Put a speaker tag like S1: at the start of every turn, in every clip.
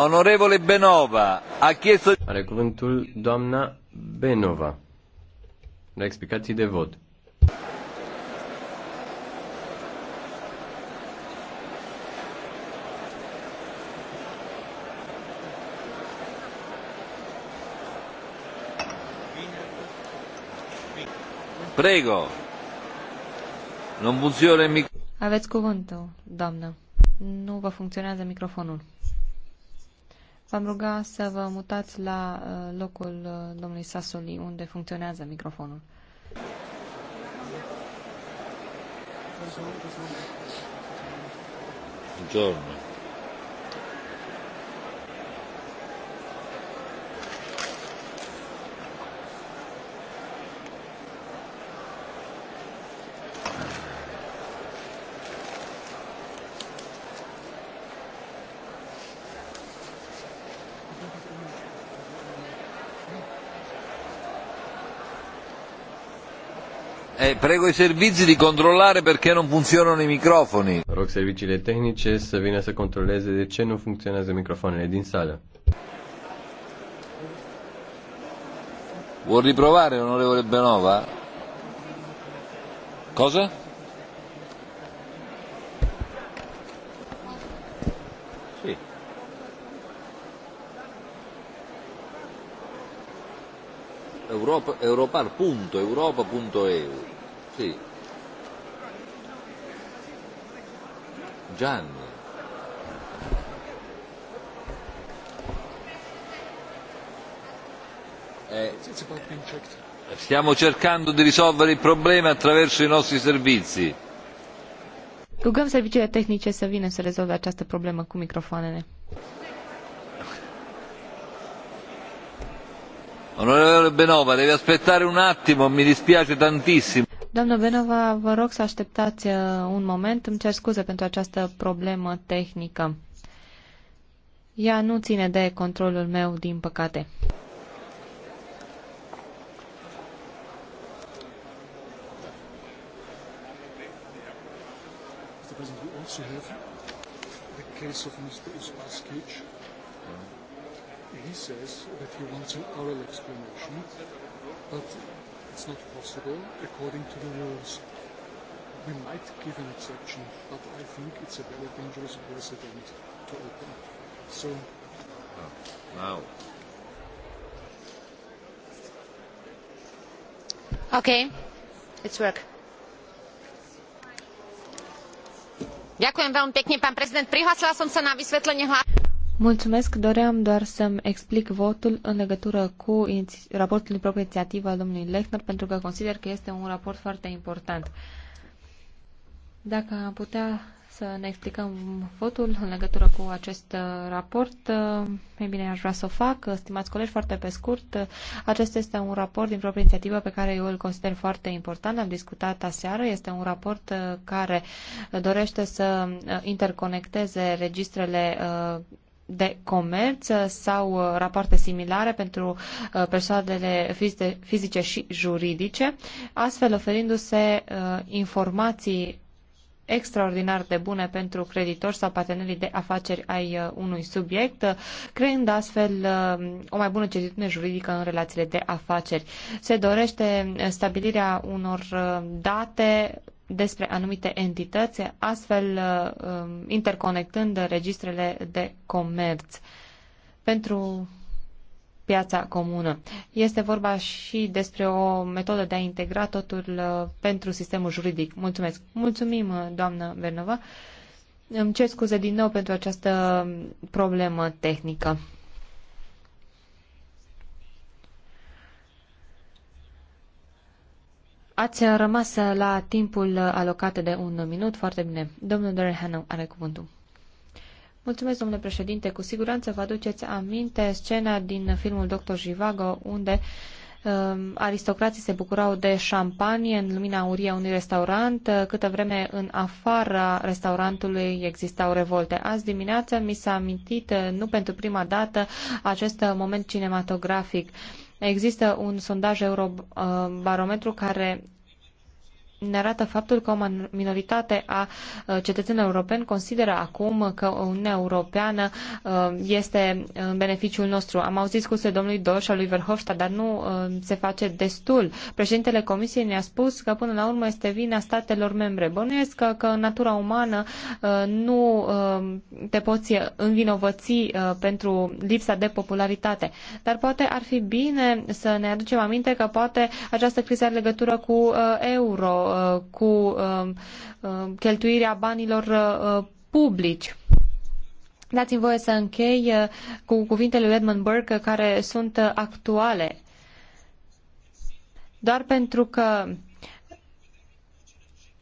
S1: Onorevole Benova a chiesto... Are cuvântul doamna Benova. La explicații de vot.
S2: Prego. Nu funcționează mic.
S3: Aveți cuvântul, doamnă. Nu vă funcționează microfonul. V-am ruga să vă mutați la uh, locul uh, domnului Sasoli, unde funcționează microfonul.
S2: Buongiorno. prego i servizi di controllare perché non funzionano i
S1: microfoni. Rog serviciile tehnice să vină să controleze de ce nu funcționează microfoanele din sală. Vuol riprovare, onorevole Benova?
S2: Cosa? Sì. Europa, europar.europa.eu Sì. Gianni. Eh, stiamo cercando di risolvere il problema attraverso i nostri servizi.
S3: Rugăm serviciile tehnice să vină să rezolve această problemă cu microfoanele.
S2: Onorevole Benova, devi aspettare un attimo, mi dispiace tantissimo.
S3: Doamnă Benova, vă rog să așteptați uh, un moment. Îmi cer scuze pentru această problemă tehnică. Ea nu ține de controlul meu, din păcate.
S2: He says that he wants an oral explanation, but It's not possible according to the rules. We might give an exception, but I think it's a very dangerous precedent to open. So. Oh, wow.
S4: Okay, it's work. Ďakujem veľmi pekne, pán prezident. Prihlásila som sa na vysvetlenie hlasovania.
S3: Mulțumesc, doream doar să-mi explic votul în legătură cu raportul din proprie inițiativă al domnului Lechner, pentru că consider că este un raport foarte important. Dacă am putea să ne explicăm votul în legătură cu acest uh, raport, mai uh, bine aș vrea să o fac. Stimați colegi, foarte pe scurt, acesta este un raport din proprie inițiativă pe care eu îl consider foarte important. Am discutat aseară. Este un raport uh, care dorește să interconecteze registrele de comerț sau uh, rapoarte similare pentru uh, persoanele fizice și juridice, astfel oferindu-se uh, informații extraordinar de bune pentru creditori sau partenerii de afaceri ai unui subiect, creând astfel o mai bună certitudine juridică în relațiile de afaceri. Se dorește stabilirea unor date despre anumite entități, astfel uh, um, interconectând registrele de comerț pentru piața comună. Este vorba și despre o metodă de a integra totul uh, pentru sistemul juridic. Mulțumesc. Mulțumim, uh, doamnă Bernova. Îmi cer scuze din nou pentru această problemă tehnică. Ați rămas la timpul alocat de un minut, foarte bine. Domnul Dorehan are cuvântul. Mulțumesc, domnule președinte. Cu siguranță vă aduceți aminte scena din filmul Dr. Jivago, unde um, aristocrații se bucurau de șampanie în lumina aurie a unui restaurant, câtă vreme în afara restaurantului existau revolte. Azi dimineață mi s-a amintit, nu pentru prima dată, acest moment cinematografic. Uh, Există un sondaj uh, Eurobarometru care ne arată faptul că o minoritate a uh, cetățenilor europeni consideră acum că Uniunea Europeană uh, este în beneficiul nostru. Am auzit scuze domnului Doș al lui Verhofstadt, dar nu uh, se face destul. Președintele Comisiei ne-a spus că până la urmă este vina statelor membre. Bănuiesc că, că în natura umană nu te poți învinovăți pentru lipsa de popularitate. Dar poate ar fi bine să ne aducem aminte că poate această criză are legătură cu euro Uh, cu uh, uh, cheltuirea banilor publici. Dați-mi voie să închei cu cuvintele lui Edmund Burke care sunt actuale. Doar pentru că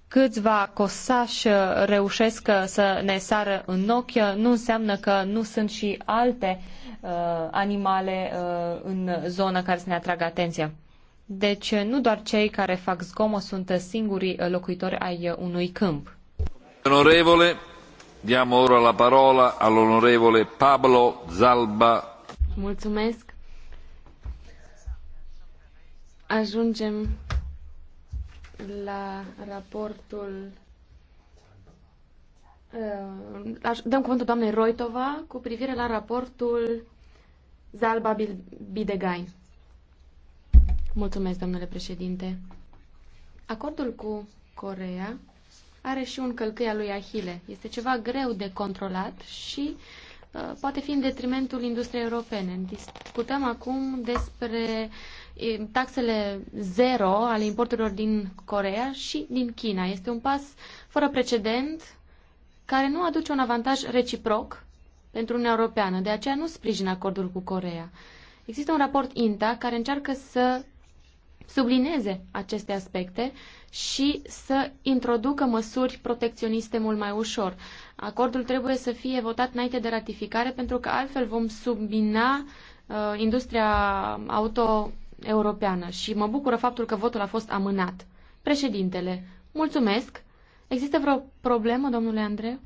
S3: câțiva cosași reușesc să ne sară în ochi, nu înseamnă că nu sunt și alte uh, animale uh, în zonă care să ne atragă atenția. Deci nu doar cei care fac zgomot sunt singurii locuitori ai unui câmp.
S2: Onorevole, diamo ora la parola all'onorevole Pablo Zalba.
S4: Mulțumesc. Ajungem la raportul uh, dăm cuvântul doamnei Roitova cu privire la raportul Zalba Bidegain. Mulțumesc, domnule președinte. Acordul cu Corea are și un călcâi al lui Ahile. Este ceva greu de controlat și uh, poate fi în detrimentul industriei europene. Discutăm acum despre eh, taxele zero ale importurilor din Corea și din China. Este un pas fără precedent care nu aduce un avantaj reciproc pentru Uniunea Europeană. De aceea nu sprijin acordul cu Corea. Există un raport INTA care încearcă să sublineze aceste aspecte și să introducă măsuri protecționiste mult mai ușor. Acordul trebuie să fie votat înainte de ratificare pentru că altfel vom submina uh, industria auto europeană și mă bucură faptul că votul a fost amânat. Președintele, mulțumesc. Există vreo problemă, domnule Andreu?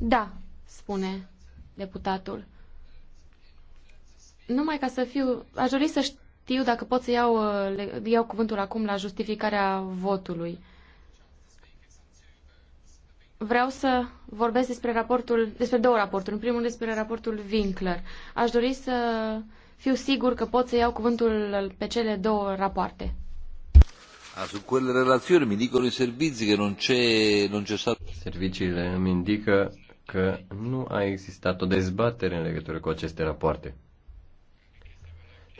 S4: Da, spune deputatul. Numai ca să fiu... Aș dori să știu știu dacă pot să iau, uh, iau cuvântul acum la justificarea votului. Vreau să vorbesc despre raportul, despre două raporturi. În primul despre raportul Winkler. Aș dori să fiu sigur că pot să iau cuvântul pe cele două rapoarte.
S1: A, ah, su quelle relazioni mi dicono i servizi che non c'è, non c'è stato... Serviciile mi indică că nu a existat o dezbatere în legătură cu aceste rapoarte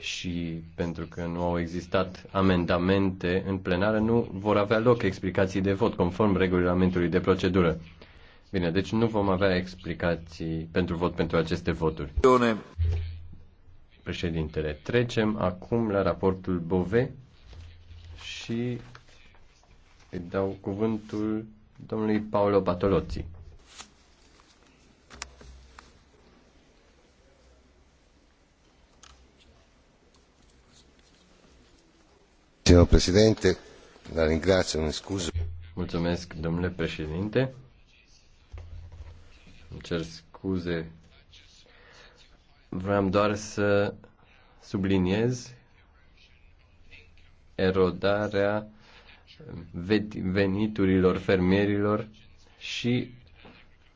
S1: și pentru că nu au existat amendamente în plenară, nu vor avea loc explicații de vot conform regulamentului de procedură. Bine, deci nu vom avea explicații pentru vot pentru aceste voturi. Președintele, trecem acum la raportul Bove și îi dau cuvântul domnului Paolo Patolozzi. Signor Președinte, la ringrazio, mi scuso. Mulțumesc, domnule președinte. Îmi cer scuze. Vreau doar să subliniez erodarea veniturilor fermierilor și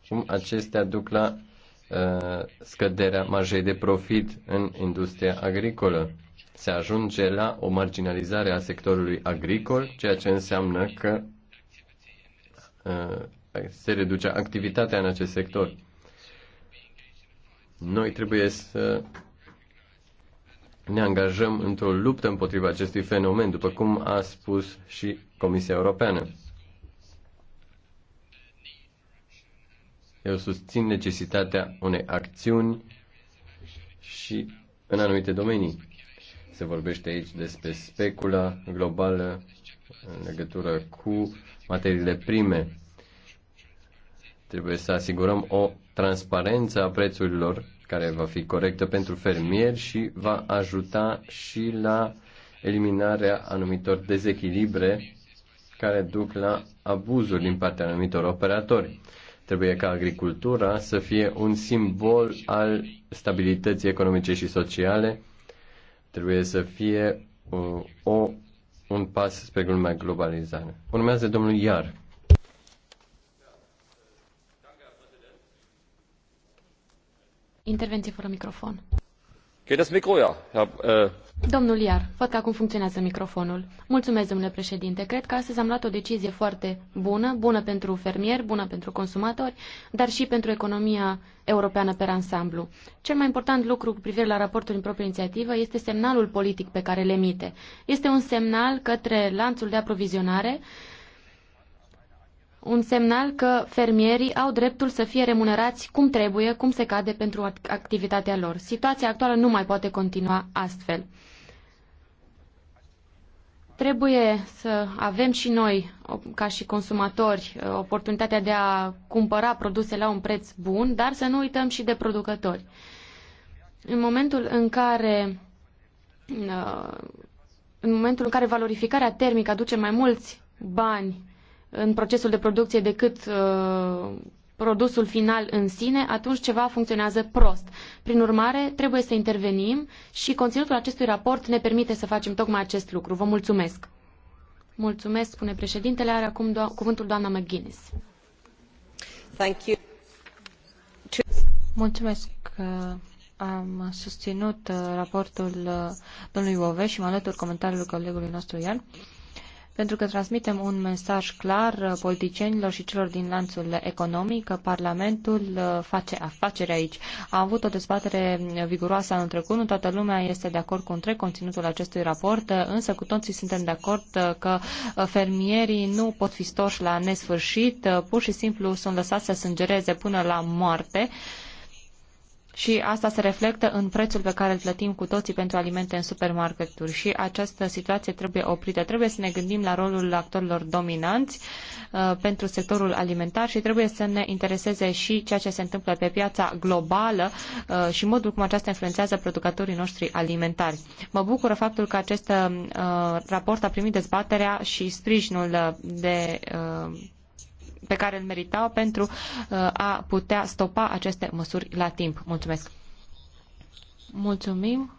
S1: cum acestea duc la uh, scăderea marjei de profit în industria agricolă se ajunge la o marginalizare a sectorului agricol, ceea ce înseamnă că uh, se reduce activitatea în acest sector. Noi trebuie să ne angajăm într-o luptă împotriva acestui fenomen, după cum a spus și Comisia Europeană. Eu susțin necesitatea unei acțiuni și în anumite domenii. Se vorbește aici despre specula globală în legătură cu materiile prime. Trebuie să asigurăm o transparență a prețurilor care va fi corectă pentru fermieri și va ajuta și la eliminarea anumitor dezechilibre care duc la abuzuri din partea anumitor operatori. Trebuie ca agricultura să fie un simbol al stabilității economice și sociale Trebuie să fie o, o, un pas spre lumea globalizare. Urmează domnul Iar.
S4: Intervenție fără microfon.
S2: Geht das Mikro, ja, Herr äh,
S4: Domnul Iar, văd că acum funcționează microfonul. Mulțumesc, domnule președinte. Cred că astăzi am luat o decizie foarte bună, bună pentru fermieri, bună pentru consumatori, dar și pentru economia europeană pe ansamblu. Cel mai important lucru cu privire la raportul în proprie inițiativă este semnalul politic pe care le emite. Este un semnal către lanțul de aprovizionare, un semnal că fermierii au dreptul să fie remunerați cum trebuie, cum se cade pentru activitatea lor. Situația actuală nu mai poate continua astfel. Trebuie să avem și noi, ca și consumatori, oportunitatea de a cumpăra produse la un preț bun, dar să nu uităm și de producători. În momentul în care uh, în momentul în care valorificarea termică aduce mai mulți bani în procesul de producție decât uh, produsul final în sine, atunci ceva funcționează prost. Prin urmare, trebuie să intervenim și conținutul acestui raport ne permite să facem tocmai acest lucru. Vă mulțumesc! Mulțumesc, spune președintele. Are acum do- cuvântul doamna McGuinness. Thank you. Mulțumesc că uh, am
S3: susținut uh, raportul uh, domnului Bove și mă alătur comentariului colegului nostru Ian pentru că transmitem un mesaj clar uh, politicienilor și celor din lanțul economic că Parlamentul uh, face afacere aici. A avut o dezbatere uh, viguroasă anul trecut, nu toată lumea este de acord cu întreg conținutul acestui raport, însă cu toții suntem de acord că fermierii nu pot fi stoși la nesfârșit, pur și simplu sunt lăsați să sângereze până la moarte și asta se reflectă în prețul pe care îl plătim cu toții pentru alimente în supermarketuri și această situație trebuie oprită. Trebuie să ne gândim la rolul actorilor dominanți uh, pentru sectorul alimentar și trebuie să ne intereseze și ceea ce se întâmplă pe piața globală uh, și modul cum aceasta influențează producătorii noștri alimentari. Mă bucură faptul că acest uh, raport a primit dezbaterea și sprijinul uh, de uh, pe care îl meritau pentru uh, a putea stopa aceste măsuri la timp. Mulțumesc! Mulțumim!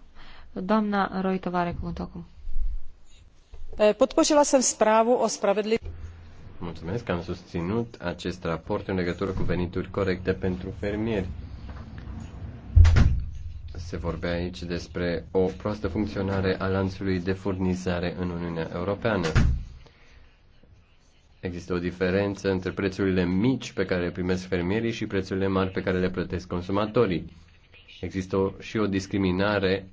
S3: Doamna Roitova are cuvântul acum. Eh, podpořila jsem spravu o spravedlivă.
S1: Mulțumesc că am susținut acest raport în legătură cu venituri corecte pentru fermieri. Se vorbea aici despre o proastă funcționare a lanțului de furnizare în Uniunea Europeană. Există o diferență între prețurile mici pe care le primesc fermierii și prețurile mari pe care le plătesc consumatorii. Există o, și o discriminare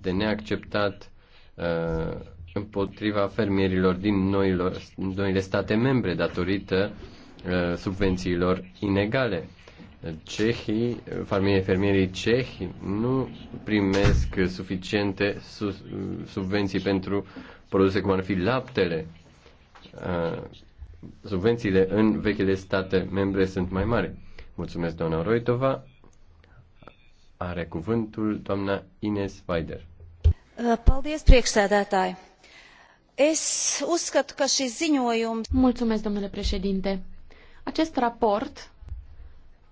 S1: de neacceptat uh, împotriva fermierilor din noilor, noile state membre datorită uh, subvențiilor inegale. Cehii, fermierii, fermierii cehi nu primesc suficiente subvenții pentru produse cum ar fi laptele. Uh, subvențiile în vechile state membre sunt mai mari. Mulțumesc, doamna Roitova. Are cuvântul doamna Ines Weider.
S4: Uh, paldies, priekšsēdētāji. Es uzskatu, ka šis ziņojums... Mulțumesc, domnule președinte. Acest raport,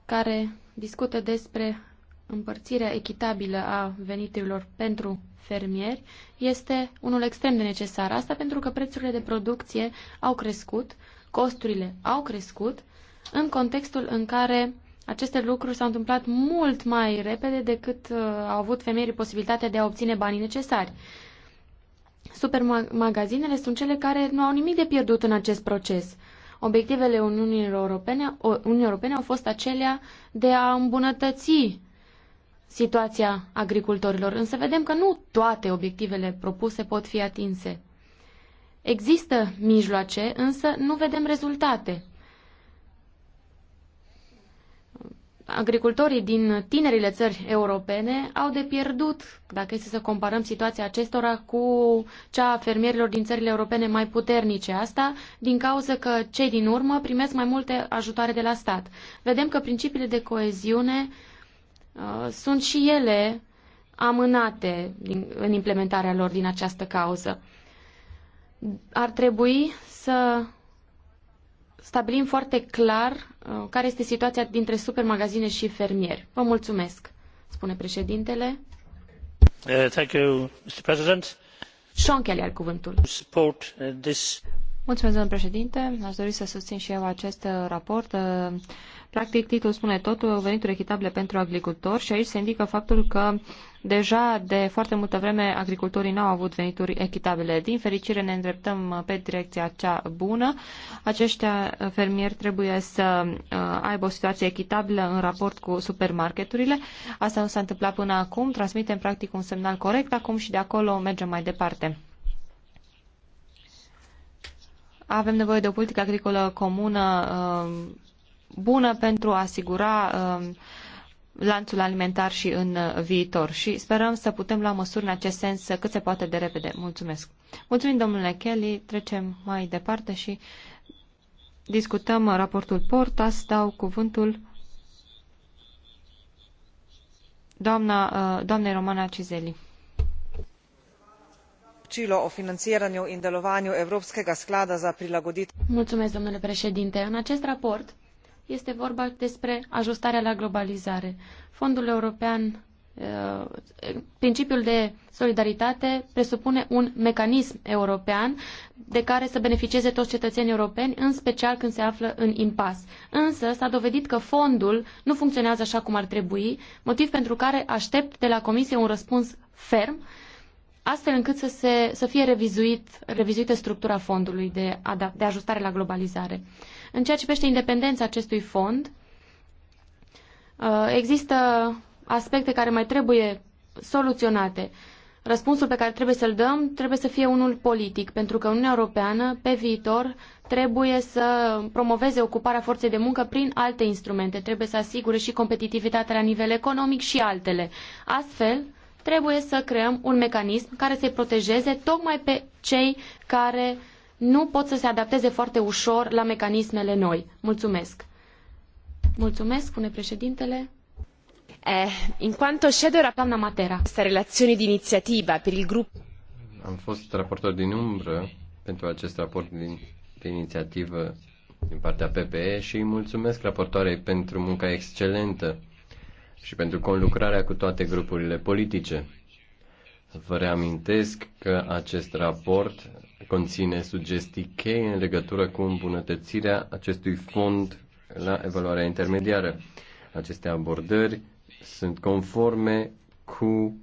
S4: care discută despre împărțirea echitabilă a veniturilor pentru fermieri este unul extrem de necesar. Asta pentru că prețurile de producție au crescut, costurile au crescut în contextul în care aceste lucruri s-au întâmplat mult mai repede decât uh, au avut femeile posibilitatea de a obține banii necesari. Supermagazinele sunt cele care nu au nimic de pierdut în acest proces. Obiectivele Uniunii Europene, Uniunii Europene au fost acelea de a îmbunătăți situația agricultorilor, însă vedem că nu toate obiectivele propuse pot fi atinse. Există mijloace, însă nu vedem rezultate. Agricultorii din tinerile țări europene au de pierdut, dacă este să comparăm situația acestora cu cea a fermierilor din țările europene mai puternice. Asta din cauza că cei din urmă primesc mai multe ajutoare de la stat. Vedem că principiile de coeziune uh, sunt și ele amânate din, în implementarea lor din această cauză ar trebui să stabilim foarte clar uh, care este situația dintre supermagazine și fermieri. Vă mulțumesc, spune președintele. Uh, thank you, Mr. President. Sean Kelly are cuvântul. Support uh, this.
S3: Mulțumesc, domnule președinte. Aș dori să susțin și eu acest raport Practic, titlul spune totul, venituri echitabile pentru agricultori și aici se indică faptul că deja de foarte multă vreme agricultorii n-au avut venituri echitabile. Din fericire ne îndreptăm uh, pe direcția cea bună. Aceștia uh, fermieri trebuie să uh, aibă o situație echitabilă în raport cu supermarketurile. Asta nu s-a întâmplat până acum. Transmitem practic un semnal corect acum și de acolo mergem mai departe. Avem nevoie de o politică agricolă comună bună pentru a asigura um, lanțul alimentar și în uh, viitor și sperăm să putem lua măsuri în acest sens cât se poate de repede. Mulțumesc! Mulțumim, domnule Kelly. Trecem mai departe și discutăm raportul Portas. Dau cuvântul doamna, uh, doamnei Romana Cizeli. Cilo o financieranju in delovanju Evropskega sklada za prilagoditev.
S4: Mulțumesc, domnule președinte. În acest raport este vorba despre ajustarea la globalizare. Fondul European, eh, principiul de solidaritate presupune un mecanism european de care să beneficieze toți cetățenii europeni, în special când se află în impas. Însă s-a dovedit că fondul nu funcționează așa cum ar trebui, motiv pentru care aștept de la Comisie un răspuns ferm astfel încât să, se, să fie revizuit, revizuită structura fondului de, de ajustare la globalizare. În ceea ce privește independența acestui fond, uh, există aspecte care mai trebuie soluționate. Răspunsul pe care trebuie să-l dăm trebuie să fie unul politic, pentru că Uniunea Europeană, pe viitor, trebuie să promoveze ocuparea forței de muncă prin alte instrumente. Trebuie să asigure și competitivitatea la nivel economic și altele. Astfel, trebuie să creăm un mecanism care să-i protejeze tocmai pe cei care nu pot să se adapteze foarte ușor la mecanismele noi. Mulțumesc. Mulțumesc, spune președintele. Eh, in quanto shadow era doamna Matera. Questa relazione di iniziativa per il gruppo
S1: am fost raportor din umbră pentru acest raport din, de inițiativă din partea PPE și îi mulțumesc raportoarei pentru munca excelentă și pentru conlucrarea cu toate grupurile politice. Vă reamintesc că acest raport conține sugestii cheie în legătură cu îmbunătățirea acestui fond la evaluarea intermediară. Aceste abordări sunt conforme cu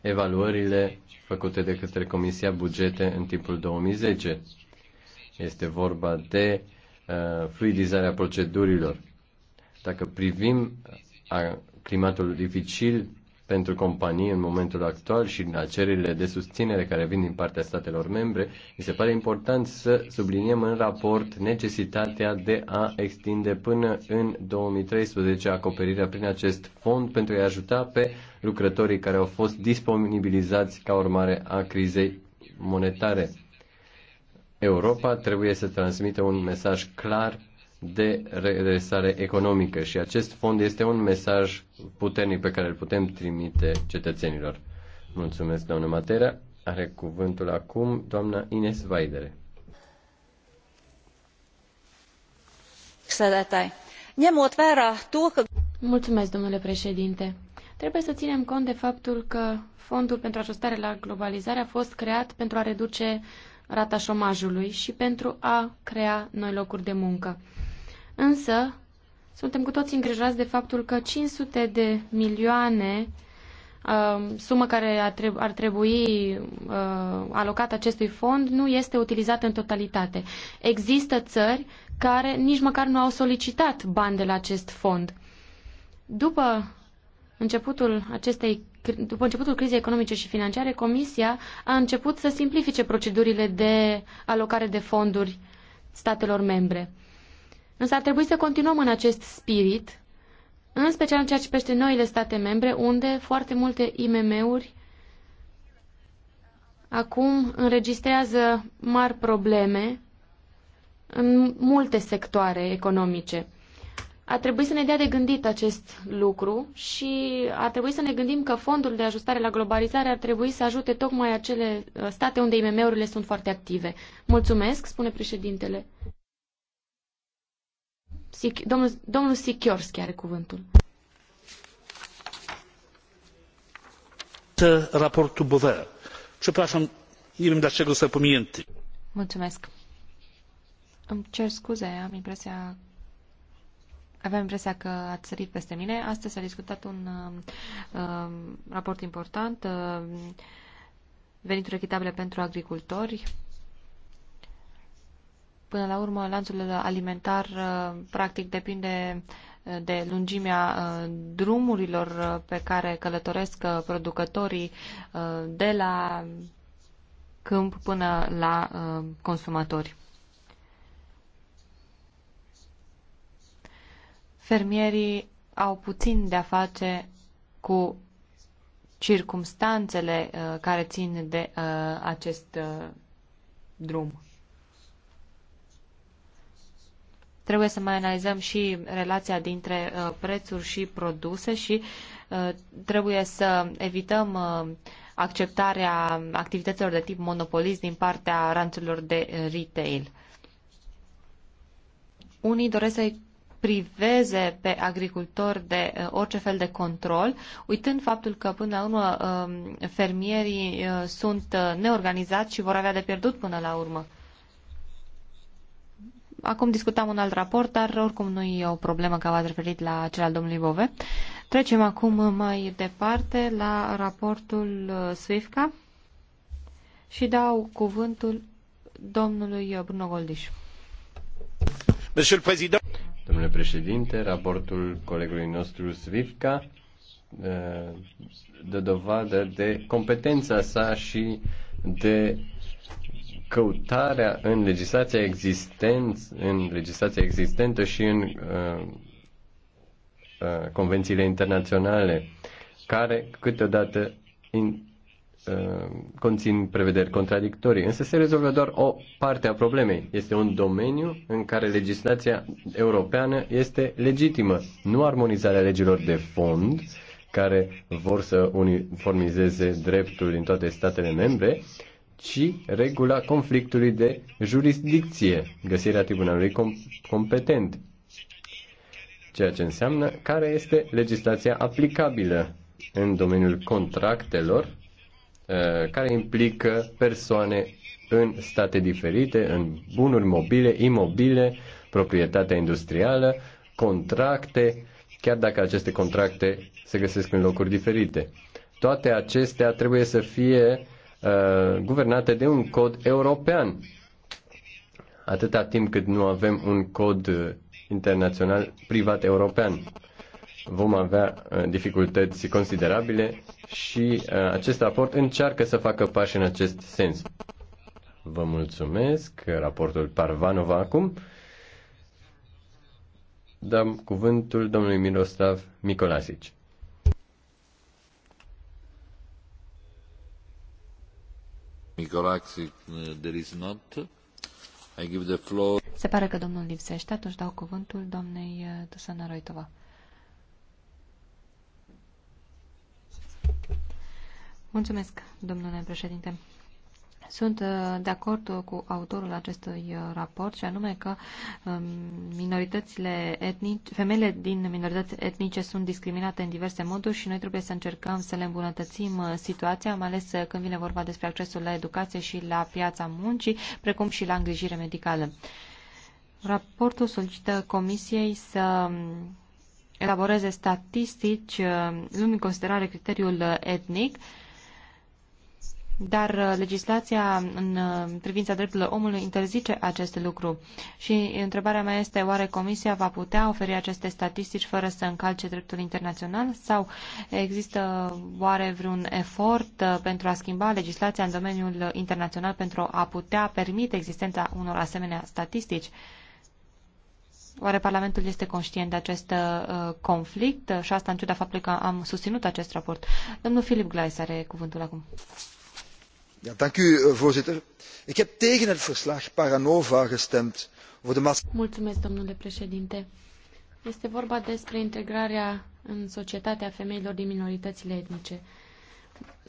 S1: evaluările făcute de către Comisia Bugete în timpul 2010. Este vorba de uh, fluidizarea procedurilor. Dacă privim climatul dificil pentru companii în momentul actual și cererile de susținere care vin din partea statelor membre, mi se pare important să subliniem în raport necesitatea de a extinde până în 2013 acoperirea prin acest fond pentru a-i ajuta pe lucrătorii care au fost disponibilizați ca urmare a crizei monetare. Europa trebuie să transmită un mesaj clar de redresare economică și acest fond este un mesaj puternic pe care îl putem trimite cetățenilor. Mulțumesc, doamnă Matera. Are cuvântul acum doamna Ines Vaidere.
S4: Mulțumesc, domnule președinte. Trebuie să ținem cont de faptul că Fondul pentru ajustare la globalizare a fost creat pentru a reduce rata șomajului și pentru a crea noi locuri de muncă. Însă, suntem cu toți îngrijorați de faptul că 500 de milioane, um, sumă care ar trebui uh, alocată acestui fond, nu este utilizată în totalitate. Există țări care nici măcar nu au solicitat bani de la acest fond. După începutul acestei după începutul crizei economice și financiare, Comisia a început să simplifice procedurile de alocare de fonduri statelor membre. Însă ar trebui să continuăm în acest spirit, în special în ceea ce pește noile state membre, unde foarte multe IMM-uri acum înregistrează mari probleme în multe sectoare economice. Ar trebui să ne dea de gândit acest lucru și ar trebui să ne gândim că fondul de ajustare la globalizare ar trebui să ajute tocmai acele uh, state unde IMM-urile sunt foarte active. Mulțumesc, spune președintele. Domnul, domnul are cuvântul.
S2: raportul Bover. Przepraszam, nie wiem dlaczego să pominięty.
S3: Mulțumesc. Îmi cer scuze, am impresia aveam impresia că ați sărit peste mine. Astăzi s-a discutat un uh, raport important, uh, venituri echitabile pentru agricultori, Până la urmă, lanțul alimentar uh, practic depinde uh, de lungimea uh, drumurilor pe care călătoresc producătorii de la câmp până la consumatori. Fermierii au puțin de a face cu circumstanțele care țin de acest drum. Trebuie să mai analizăm și relația dintre uh, prețuri și produse și uh, trebuie să evităm uh, acceptarea activităților de tip monopolist din partea ranțurilor de retail. Unii doresc să-i priveze pe agricultori de orice fel de control, uitând faptul că până la urmă fermierii sunt neorganizați și vor avea de pierdut până la urmă. Acum discutam un alt raport, dar oricum nu e o problemă că v-ați referit la cel al domnului Bove. Trecem acum mai departe la raportul uh, SWIFCA și dau cuvântul domnului Bruno Goldiș.
S1: Domnule președinte, raportul colegului nostru SWIFCA uh, dă dovadă de competența sa și de căutarea în legislația existentă, în legislația existentă și în uh, uh, convențiile internaționale, care câteodată in, uh, conțin prevederi contradictorii. Însă se rezolvă doar o parte a problemei. Este un domeniu în care legislația europeană este legitimă. Nu armonizarea legilor de fond, care vor să uniformizeze dreptul din toate statele membre, ci regula conflictului de jurisdicție, găsirea tribunalului com- competent, ceea ce înseamnă care este legislația aplicabilă în domeniul contractelor uh, care implică persoane în state diferite, în bunuri mobile, imobile, proprietatea industrială, contracte, chiar dacă aceste contracte se găsesc în locuri diferite. Toate acestea trebuie să fie Uh, guvernate de un cod european. Atâta timp cât nu avem un cod uh, internațional privat european, vom avea uh, dificultăți considerabile și acest raport încearcă să facă pași în acest sens. Vă mulțumesc. Raportul Parvanova acum. Dăm cuvântul domnului Miroslav Micolasici.
S3: Se pare că domnul lipsește, atunci dau cuvântul doamnei Dusana uh, Roitova. Mulțumesc, domnule președinte. Sunt uh, de acord uh, cu autorul acestui uh, raport și anume că um, minoritățile etnice, femeile din minorități etnice sunt discriminate în diverse moduri și noi trebuie să încercăm să le îmbunătățim situația, mai ales când vine vorba despre accesul la educație și la piața muncii, precum și la îngrijire medicală. Raportul solicită Comisiei să um, elaboreze statistici luând în considerare criteriul etnic, dar uh, legislația în uh, privința drepturilor omului interzice acest lucru. Și întrebarea mea este, oare Comisia va putea oferi aceste statistici fără să încalce dreptul internațional sau există oare vreun efort uh, pentru a schimba legislația în domeniul internațional pentru a putea permite existența unor asemenea statistici? Oare Parlamentul este conștient de acest uh, conflict și asta în ciuda faptului că am susținut acest raport? Domnul Filip Glais are cuvântul acum.
S2: Eh, voorzitter ik heb tegen het verslag parvanova gestemd voor de. Mulțumesc,
S4: domnule președinte. Este vorba despre integrarea în societate a femeilor din minoritățile etnice.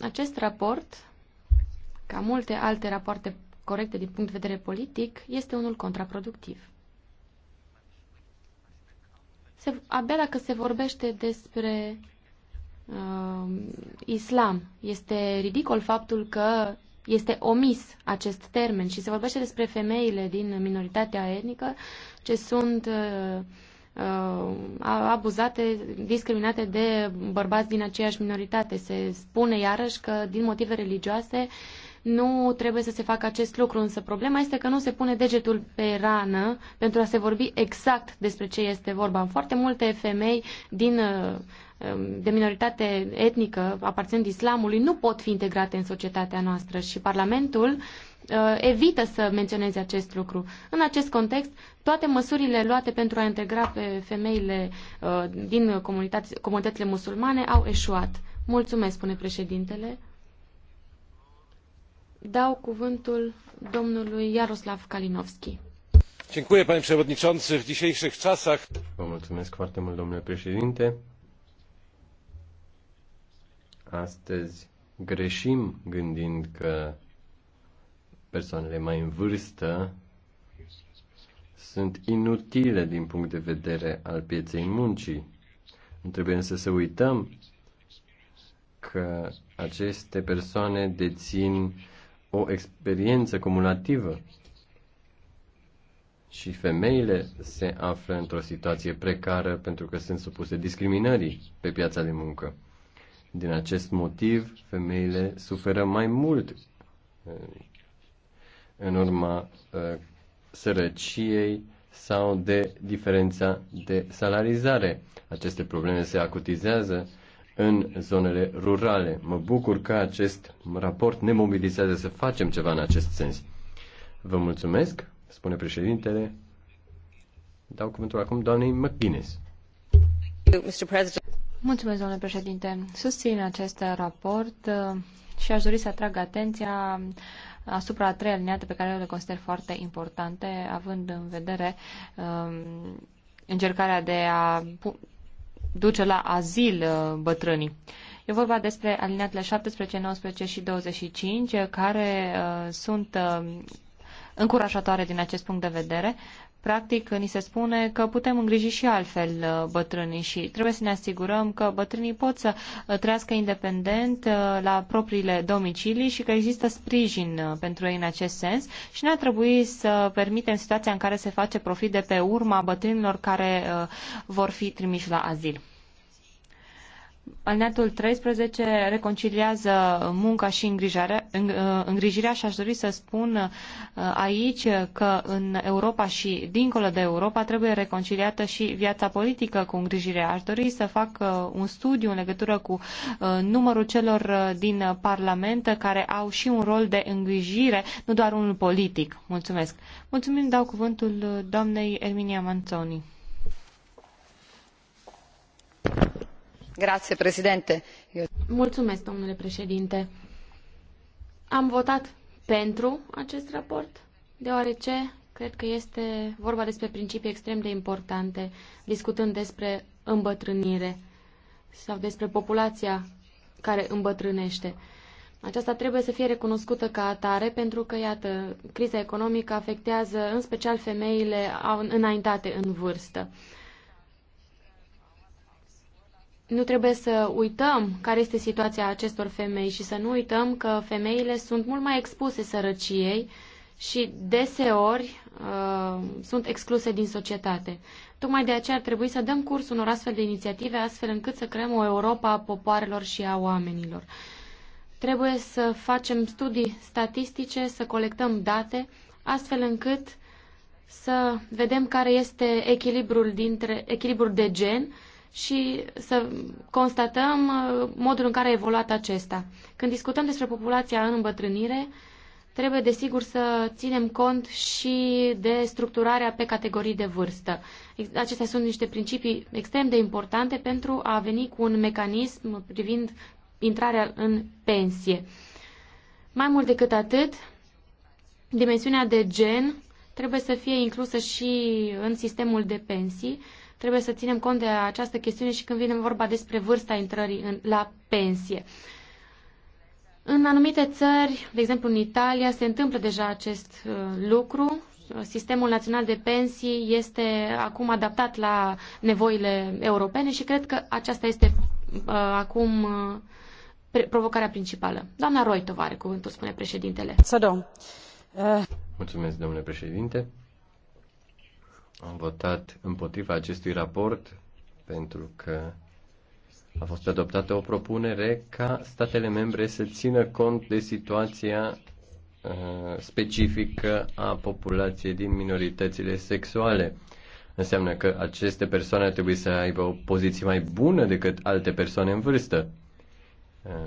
S4: Acest raport, ca multe alte rapoarte corecte din punct de vedere politic, este unul contraproductiv. Se, abia dacă se vorbește despre uh, islam, este ridicol faptul că este omis acest termen și se vorbește despre femeile din minoritatea etnică ce sunt uh, uh, abuzate, discriminate de bărbați din aceeași minoritate. Se spune iarăși că din motive religioase uh, nu trebuie să se facă acest lucru, însă problema este că nu se pune degetul pe rană pentru a se vorbi exact despre ce este vorba. Foarte multe femei din uh, um, de minoritate etnică aparținând islamului nu pot fi integrate în societatea noastră și Parlamentul uh, evită să menționeze acest lucru. În acest context, toate măsurile luate pentru a integra pe femeile uh, din comunitățile musulmane au eșuat. Mulțumesc, spune președintele. Dau cuvântul domnului Jaroslav Kalinowski.
S1: Dziękuję, panie przewodniczący. W dzisiejszych czasach... mulțumesc foarte mult, domnule președinte. Astăzi greșim gândind că persoanele mai în vârstă sunt inutile din punct de vedere al pieței muncii. Nu trebuie însă să uităm că aceste persoane dețin o experiență cumulativă și femeile se află într-o situație precară pentru că sunt supuse discriminării pe piața de muncă. Din acest motiv, femeile suferă mai mult uh, în urma uh, sărăciei sau de diferența de salarizare. Aceste probleme se acutizează în zonele rurale. Mă bucur că acest raport ne mobilizează să facem ceva în acest sens. Vă mulțumesc, spune președintele. Dau cuvântul acum doamnei McGuinness.
S3: Mulțumesc, domnule președinte. Susțin acest raport uh, și aș dori să atrag atenția asupra a trei alineate pe care eu le consider foarte importante, având în vedere um, încercarea de a duce la azil uh, bătrânii. E vorba despre alineatele 17, 19 și 25, care uh, sunt uh, încurajatoare din acest punct de vedere, practic, ni se spune că putem îngriji și altfel uh, bătrânii și trebuie să ne asigurăm că bătrânii pot să uh, trăiască independent uh, la propriile domicilii și că există sprijin pentru ei în acest sens și ne a trebuit să permitem situația în care se face profit de pe urma bătrânilor care vor fi trimiși la azil. Alineatul 13 reconciliază munca și uh, îngrijirea și aș dori să spun uh, aici că în Europa și dincolo de Europa trebuie reconciliată și viața politică cu îngrijirea. Aș dori să fac uh, un studiu în legătură cu numărul celor din Parlament care au și un rol de îngrijire, nu doar unul politic. Mulțumesc. Mulțumim, dau cuvântul doamnei Erminia
S4: Manzoni. Mulțumesc, domnule președinte. Am votat pentru acest raport, deoarece cred că este vorba despre principii extrem de importante, discutând despre îmbătrânire sau despre populația care îmbătrânește. Aceasta trebuie să fie recunoscută ca atare pentru că, iată, criza economică afectează în special femeile înaintate în vârstă nu trebuie să uităm care este situația acestor femei și să nu uităm că femeile sunt mult mai expuse sărăciei și deseori uh, sunt excluse din societate. Tocmai de aceea ar trebui să dăm curs unor astfel de inițiative astfel încât să creăm o Europa a popoarelor și a oamenilor. Trebuie să facem studii statistice, să colectăm date, astfel încât să vedem care este echilibrul, dintre, echilibrul de gen uh, și să constatăm uh, modul în care a evoluat acesta. Când discutăm despre populația în îmbătrânire, trebuie desigur să ținem cont și de structurarea pe categorii de vârstă. Acestea sunt niște principii extrem de importante pentru a veni cu un mecanism privind intrarea în pensie. Mai mult decât atât, dimensiunea de gen trebuie să fie inclusă și în sistemul de pensii, Trebuie să ținem cont de această chestiune și când vine vorba despre vârsta intrării în, la pensie. În anumite țări, de exemplu în Italia, se întâmplă deja acest uh, lucru. Sistemul național de pensii este acum adaptat la nevoile europene și cred că aceasta este uh, acum uh, provocarea principală. Doamna Roitova are cuvântul, spune președintele. Să
S1: Mulțumesc, domnule președinte. Am votat împotriva acestui raport pentru că a fost adoptată o propunere ca statele membre să țină cont de situația uh, specifică a populației din minoritățile sexuale. Înseamnă că aceste persoane ar trebui să aibă o poziție mai bună decât alte persoane în vârstă. Uh,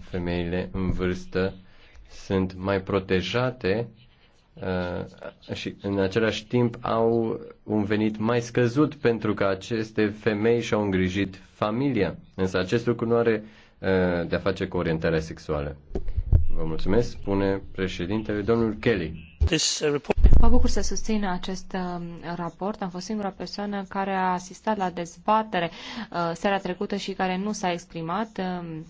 S1: femeile în vârstă sunt mai protejate Uh, și în același timp au un venit mai scăzut pentru că aceste femei și-au îngrijit familia. Însă acest lucru nu are uh, de-a face cu orientarea sexuală. Vă mulțumesc, spune președintele domnul Kelly. Uh,
S3: mă bucur să susțin acest raport. Am fost singura persoană care a asistat la dezbatere seara trecută și care nu s-a exprimat. Um,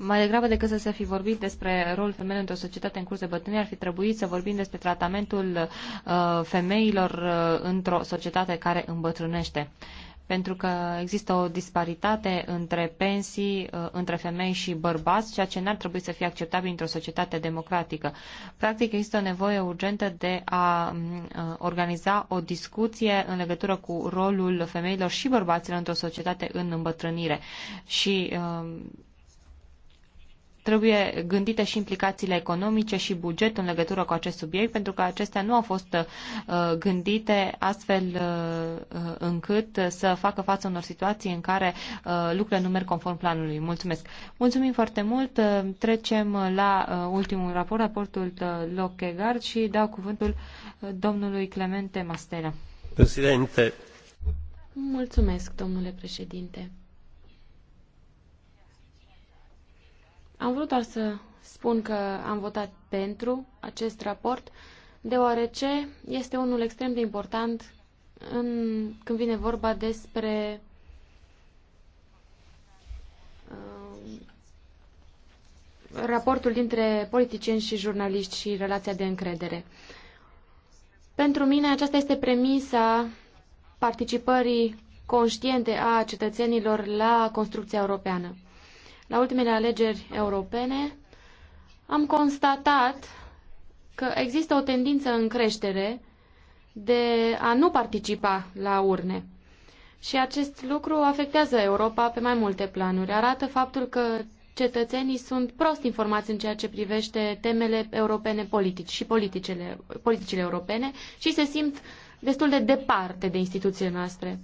S3: Mai degrabă decât să se fi vorbit despre rolul femeilor într-o societate în curs de bătrânie, ar fi trebuit să vorbim despre tratamentul uh, femeilor uh, într-o societate care îmbătrânește. Pentru că există o disparitate între pensii, uh, între femei și bărbați, ceea ce n-ar trebui să fie acceptabil într-o societate democratică. Practic, există o nevoie urgentă de a mm, uh, organiza o discuție în legătură cu rolul femeilor și bărbaților într-o societate în îmbătrânire. Și uh, Trebuie gândite și implicațiile economice și buget în legătură cu acest subiect, pentru că acestea nu au fost uh, gândite astfel uh, uh, încât să facă față unor situații în care lucrurile nu merg conform planului. Mulțumesc! Mulțumim foarte mult! Trecem la ultimul raport, raportul Lochegard și dau cuvântul domnului Clemente
S4: Mastela.
S1: Președinte.
S4: Mulțumesc, domnule președinte. Am vrut doar să spun că am votat pentru acest raport, deoarece este unul extrem de important în, când vine vorba despre uh, raportul dintre politicieni și jurnaliști și relația de încredere. Pentru mine aceasta este premisa participării conștiente a cetățenilor la construcția europeană la ultimele alegeri europene, am constatat că există o tendință în creștere de a nu participa la urne. Și acest lucru afectează Europa pe mai multe planuri. Arată faptul că cetățenii sunt prost informați în ceea ce privește temele europene politici și politicele, politicile europene și se simt destul de departe de instituțiile noastre.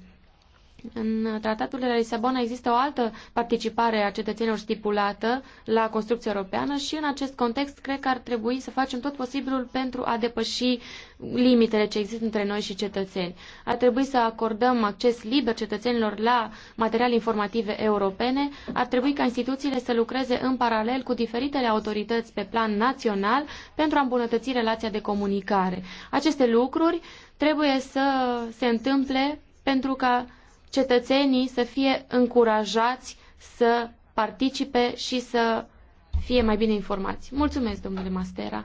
S4: În tratatul de la Lisabona există o altă participare a cetățenilor stipulată la construcția europeană și în acest context cred că ar trebui să facem tot posibilul pentru a depăși limitele ce există între noi și cetățeni. Ar trebui să acordăm acces liber cetățenilor la materiale informative europene, ar trebui ca instituțiile să lucreze în paralel cu diferitele autorități pe plan național pentru a îmbunătăți relația de comunicare. Aceste lucruri trebuie să se întâmple pentru ca cetățenii să fie încurajați să participe și să fie mai bine informați. Mulțumesc, domnule Mastera.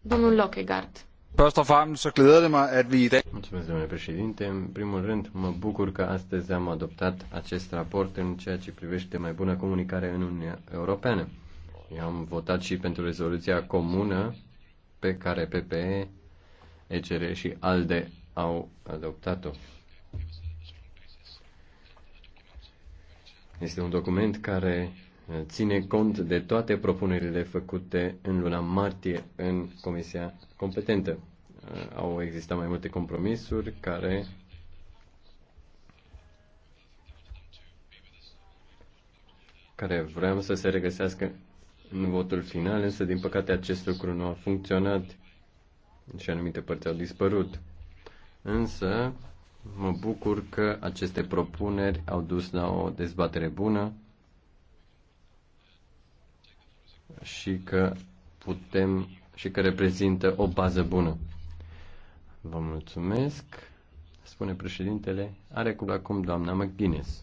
S4: Domnul Lockegaard.
S1: Mulțumesc, domnule președinte. În primul rând, mă bucur că astăzi am adoptat acest raport în ceea ce privește mai bună comunicare în Uniunea Europeană. Eu am votat și pentru rezoluția comună pe care PPE, ECR și ALDE au adoptat-o. Este un document care uh, ține cont de toate propunerile făcute în luna martie în comisia competentă. Uh, au existat mai multe compromisuri care care vreau să se regăsească în votul final, însă din păcate acest lucru nu a funcționat și anumite părți au dispărut. Însă, Mă bucur că aceste propuneri au dus la o dezbatere bună și că putem și că reprezintă o bază bună. Vă mulțumesc, spune președintele. Are cu acum doamna McGuinness.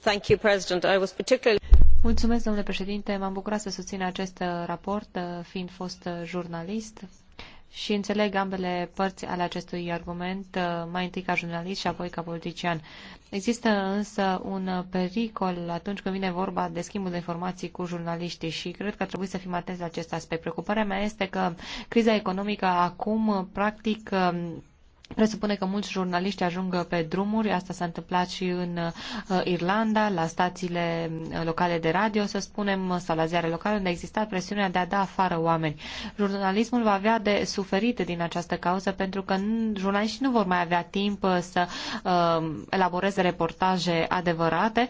S3: Thank you, President. I was particularly... Mulțumesc, domnule președinte. M-am bucurat să susțin acest raport, fiind fost jurnalist și înțeleg ambele părți ale acestui argument, uh, mai întâi ca jurnalist și apoi ca politician. Există însă un pericol atunci când vine vorba de schimbul de informații cu jurnaliștii și cred că ar trebui să fim atenți la acest aspect. Preocuparea mea este că criza economică acum practic um, presupune că mulți jurnaliști ajung pe drumuri, asta s-a întâmplat și în uh, Irlanda, la stațiile uh, locale de radio, să spunem, sau la ziare locale, unde a existat presiunea de a da afară oameni. Jurnalismul va avea de suferit din această cauză, pentru că jurnaliștii nu vor mai avea timp uh, să uh, elaboreze reportaje adevărate,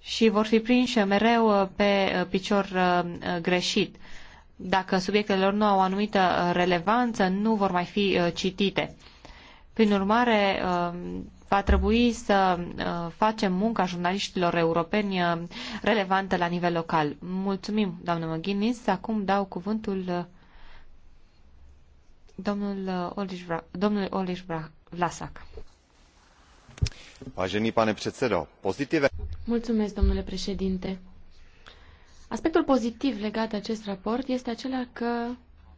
S3: și vor fi prinși mereu pe picior greșit. Dacă subiectele lor nu au o anumită uh, relevanță, nu vor mai fi uh, citite. Prin urmare, um, va trebui să uh, facem munca jurnaliștilor europeni relevantă la nivel local. Mulțumim, doamnă McGuinness. Acum dau cuvântul domnul Oliș, Vlasac.
S1: Vážený pane předsedo, pozitive...
S4: Mulțumesc, domnule președinte. Aspectul pozitiv legat de acest raport este acela că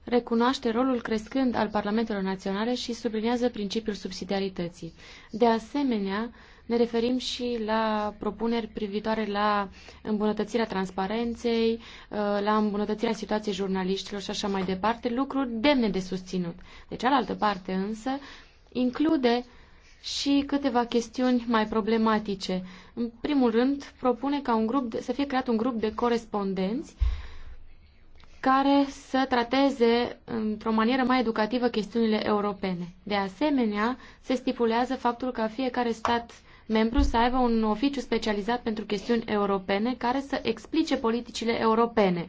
S4: recunoaște rolul crescând al Parlamentelor Naționale și sublinează principiul subsidiarității. De asemenea, ne referim și la propuneri privitoare la îmbunătățirea transparenței, uh, la îmbunătățirea situației jurnaliștilor și așa mai departe, lucruri demne de susținut. De cealaltă parte însă, include și câteva chestiuni mai problematice. În primul rând, propune ca un grup de, să fie creat un grup de corespondenți care să trateze într-o manieră mai educativă chestiunile europene. De asemenea, se stipulează faptul că fiecare stat membru să aibă un oficiu specializat pentru chestiuni europene care să explice politicile europene.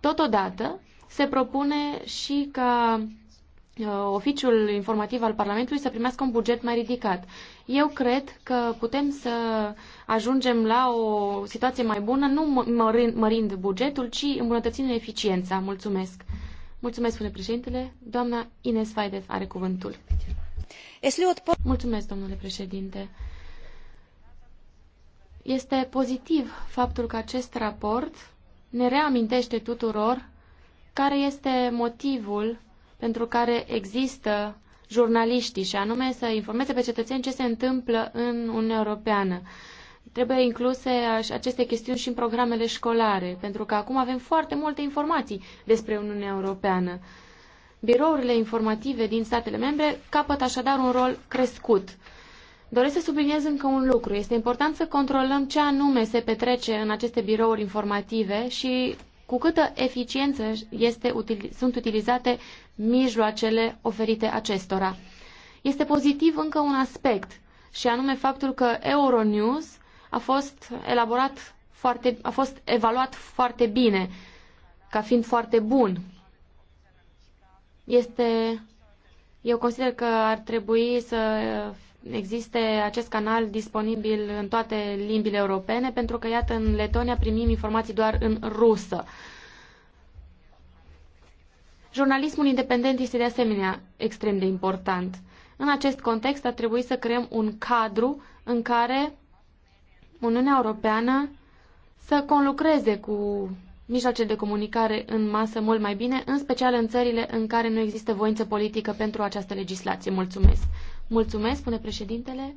S4: Totodată, se propune și ca Uh, oficiul informativ al Parlamentului să primească un buget mai ridicat. Eu cred că putem să ajungem la o situație mai bună, nu mărind, mărind bugetul, ci îmbunătățind eficiența. Mulțumesc. Mulțumesc, spune președintele. Doamna Ines Faidev are cuvântul. Mulțumesc, domnule președinte. Este pozitiv faptul că acest raport ne reamintește tuturor care este motivul pentru care există jurnaliștii și anume să informeze pe cetățeni ce se întâmplă în Uniunea Europeană. Trebuie incluse aceste chestiuni și în programele școlare, pentru că acum avem foarte multe informații despre Uniunea Europeană. Birourile informative din statele membre capăt așadar un rol crescut. Doresc să subliniez încă un lucru. Este important să controlăm ce anume se petrece în aceste birouri informative și cu câtă eficiență este, sunt utilizate mijloacele oferite acestora. Este pozitiv încă un aspect, și anume faptul că Euronews a fost elaborat foarte, a fost evaluat foarte bine, ca fiind foarte bun. Este, eu consider că ar trebui să existe acest canal disponibil în toate limbile europene, pentru că, iată, în Letonia primim informații doar în rusă. Jurnalismul independent este de asemenea extrem de important. În acest context a trebuit să creăm un cadru în care Uniunea Europeană să conlucreze cu mijloace de comunicare în masă mult mai bine, în special în țările în care nu există voință politică pentru această legislație. Mulțumesc. Mulțumesc, spune președintele.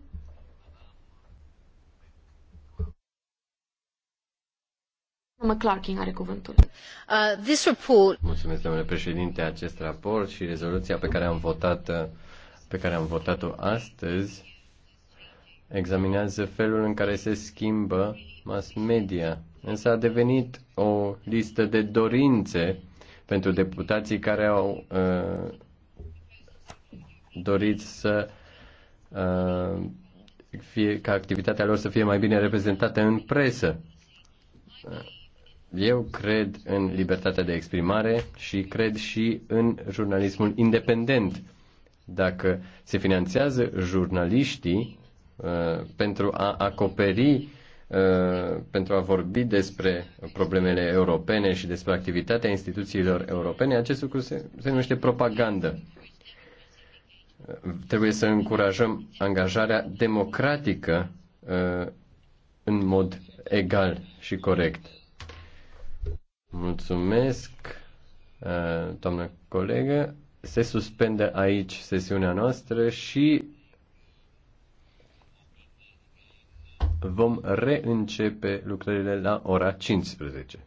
S4: are cuvântul. Uh, this report...
S1: Mulțumesc, domnule președinte, acest raport și rezoluția pe care am votat pe care am votat-o astăzi examinează felul în care se schimbă mass media. Însă a devenit o listă de dorințe pentru deputații care au uh, dorit să uh, fie, ca activitatea lor să fie mai bine reprezentată în presă. Uh eu cred în libertatea de exprimare și cred și în jurnalismul independent. Dacă se finanțează jurnaliștii uh, pentru a acoperi, uh, pentru a vorbi despre problemele europene și despre activitatea instituțiilor europene, acest lucru se, se numește propagandă. trebuie să încurajăm angajarea democratică uh, în mod egal și corect Mulțumesc, uh, doamnă colegă. Se suspendă aici sesiunea noastră și vom reîncepe lucrările la ora 15.